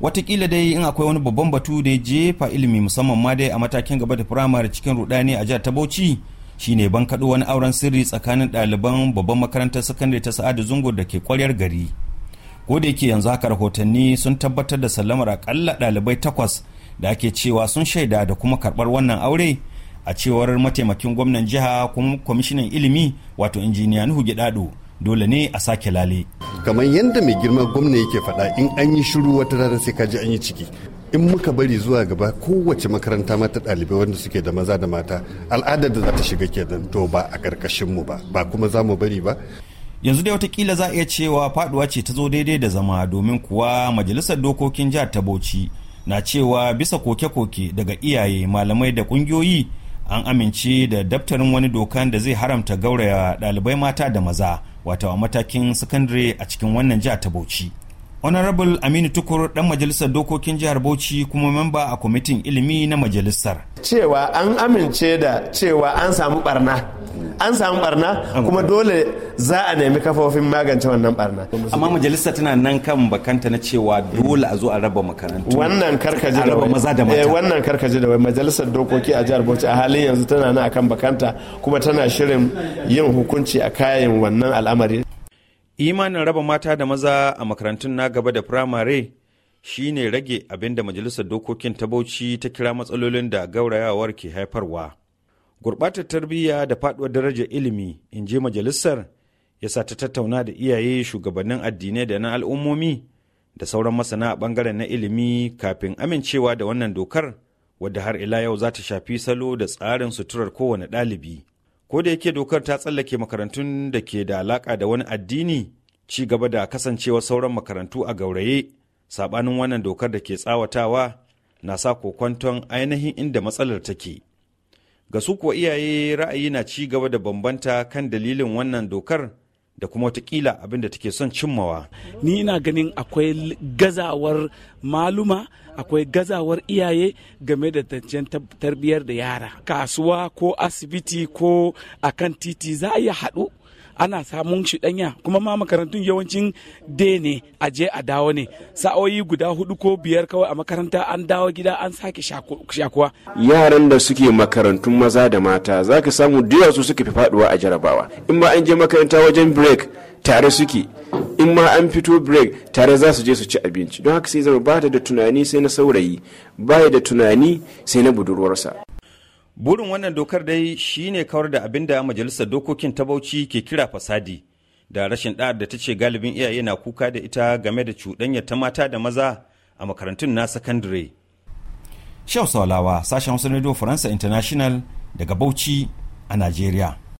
watakila dai in akwai wani babban batu da ya jefa ilimi musamman ma dai a matakin gaba da firamare cikin rudani a jihar ta bauchi shine ban kaɗo wani auren sirri tsakanin ɗaliban babban makarantar sakandare ta sa'adu zungo da ke kwaryar gari ko da yake yanzu haka rahotanni sun tabbatar da sallamar akalla ɗalibai takwas da ake cewa sun shaida da kuma karɓar wannan aure a cewar mataimakin gwamnan jiha kuma kwamishinan ilimi wato injiniya nuhu gidado dole ne a sake lale kamar yadda mai girma gwamna yake faɗa in an yi shiru wata rana sai kaji an yi ciki in muka bari zuwa gaba kowace makaranta mata ɗalibai wanda suke da maza da mata al'adar da za ta shiga kenan to ba a ƙarƙashin mu ba ba kuma za mu bari ba yanzu dai watakila za a iya cewa faduwa ce ta zo daidai da zama domin kuwa majalisar dokokin jihar ta bauchi na cewa bisa koke-koke daga iyaye malamai da ƙungiyoyi an amince da daftarin wani dokan da zai haramta gauraya ɗalibai mata da maza wato a matakin sakandare a cikin wannan jiha ta Bauchi. honorable aminu tukur dan majalisar dokokin jihar bauchi kuma memba a kwamitin ilimi na majalisar cewa an amince da cewa an samu barna an samu barna kuma dole za a nemi kafofin magance wannan barna amma majalisar tana nan kan bakanta na cewa dole a zo a raba makarantu wannan karkaji da raba maza da mata eh, wannan karkaji da wai majalisar dokoki a jihar bauchi a halin yanzu tana nan akan bakanta kuma tana shirin yin hukunci a kayan wannan al'amari imanin raba mata da maza a makarantun na gaba da firamare shine rage abin da majalisar dokokin ta bauchi ta kira matsalolin da gaurayawar ke haifarwa gurɓatar tarbiyya da faɗuwar darajar ilimi in je majalisar ya sa ta tattauna da iyaye shugabannin addinai da na al'ummomi da sauran masana a ɓangaren na ilimi kafin amincewa da wannan dokar wadda har ila yau za ta shafi salo da tsarin suturar kowane ɗalibi. ko da yake dokar ta tsallake makarantun da ke da alaka da wani addini ci gaba da kasancewa sauran makarantu a gauraye sabanin wannan dokar da ke tsawatawa na sa kokwanton ainihin inda matsalar take ga su kuwa iyaye ra'ayi na ci gaba da bambanta kan dalilin wannan dokar da kuma watakila abin da take son cimmawa. Ni ina ganin akwai gazawar maluma, akwai gazawar iyaye game da tancen tarbiyyar da yara. Kasuwa ko asibiti ko akan titi za a iya haɗu ana samun shi ɗanya kuma ma makarantun yawancin de ne a je a dawo ne sa'oyi guda hudu ko biyar kawai a makaranta an dawo gida an sake shakuwa yaran da suke makarantun maza da mata za ka samu da su suka fi faduwa a jarabawa in ma an je makaranta wajen break tare suke in ma an fito break tare za su je su ci abinci don haka sai zama ba da tunani sai na saurayi baya da tunani sai na budurwarsa Burin wannan dokar dai shine kawar da abin da majalisar dokokin ta Bauchi ke kira fasadi da rashin ɗa'ar da ta ce galibin iyaye na kuka da ita game da cuɗanya ta mata da maza a makarantun na sakandare. Shau Saulawa, sashen Hausa Radio Faransa International daga Bauchi a Najeriya.